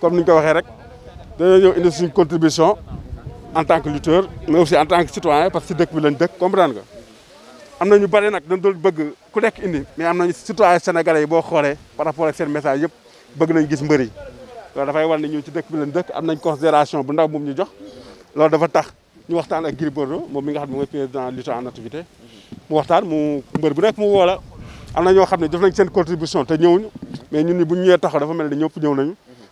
comme ni ñu ko waxee rek dañoo ñëw indi suñu contribution en tant que lutteur mais aussi en tant que citoyen parce que dëkk bi lañ dëkk comprendre nga. am na ñu bëri nag dañ doon bëgg ku nekk indi mais am nañu citoyen sénégalais yi boo xoolee par rapport ak seen message yëpp bëgg nañ gis mbëri loolu dafay wal ne ñun ci dëkk bi lañ dëkk am nañ considération bu ndaw moom ñu jox loolu dafa tax ñu waxtaan ak Gris Bordeaux moom mi nga xam ne mooy président lutteur en activité mu waxtaan mu mbër bu nekk mu woola am na ñoo xam ne def nañ seen contribution te ñëwuñu mais ñun ni bu ñu ñëwee taxaw dafa mel ni ñëpp ñëw nañu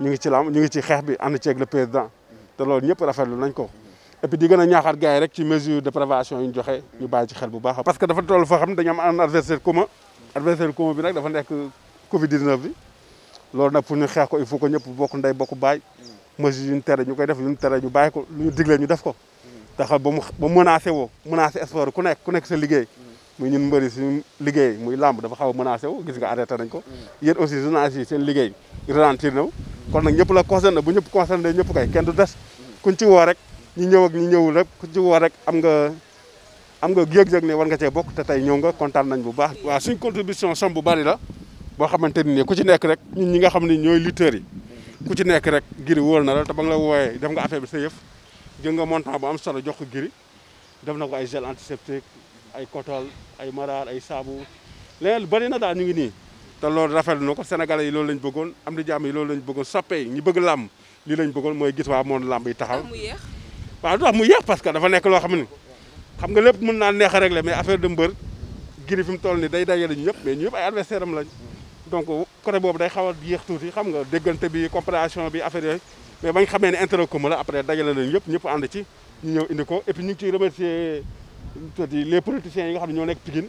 ñu ngi ci lam ñu ngi ci xeex bi ànd ceeg le président te loolu ñëpp rafetlu nañ ko et puis di gën a rek ci mesure de prévention yi ñu joxe ñu bàyyi ci xel bu baax parce que dafa toll foo xam ne dañu am un adversaire commun adversaire bi nag dafa nekk covid 19 bi loolu nag pour ñu xeex ko il faut que ñëpp bokk ndey bokk baay mesure yu ñu tere ñu koy def yu ñu tere ñu bàyyi ko lu ñu ñu def ko tax ba mu ba menacé woo menacé sport ku nekk ku nekk sa liggéey muy ñun mbëri suñu liggéey muy làmb dafa xaw a menacé woo gis nga arrêté nañ ko mm. yéen aussi journalistes yi seen liggéey ralentir na kon nag ñëpp la concerné bu ñëpp concerné ñëpp kay kenn du des kuñ ci woo rek ñu ñëw ak ñu ñëwul rek ku ci woo rek am nga am nga yëg-yëg ne war nga cee bokk te tey ñëw nga kontaan nañ bu baax. waaw suñ contribution somme bu bari la boo xamante ni ku ci nekk rek ñun ñi nga xam ne ñooy lutteurs yi ku ci nekk rek giri wóor na la te ba nga la wooyee def nga affaire bi sa yëf jël nga montant bu am solo jox ko giri def na ko ay gel antiseptique ay kotol ay maraar ay saabu leneen bari na daal ñu ngi nii. te loolu rafetlu na ko sénégalais yi loolu lañ bëggoon am di jàmm yi loolu lañ bëggoon soppe yi ñu bëgg làmb lii lañ bëggoon mooy gis waa moom làmb yi taxaw waaw mu yéex parce que dafa nekk loo xam ne xam nga lépp mën naa neex a régler mais affaire de mbër giri fi mu toll ni day dajale ñu ñëpp mais ñu ñëpp ay adversaire day xaw a yéex tuuti xam nga déggante bi compréhension bi affaire yooyu mais bañ ne intérêt commun la après dajale nañu ñëpp ñëpp ànd ci ñu ñëw indi ko et puis ñu ngi ciy remercier les politiciens yi nga xam ne ñoo nekk Pikine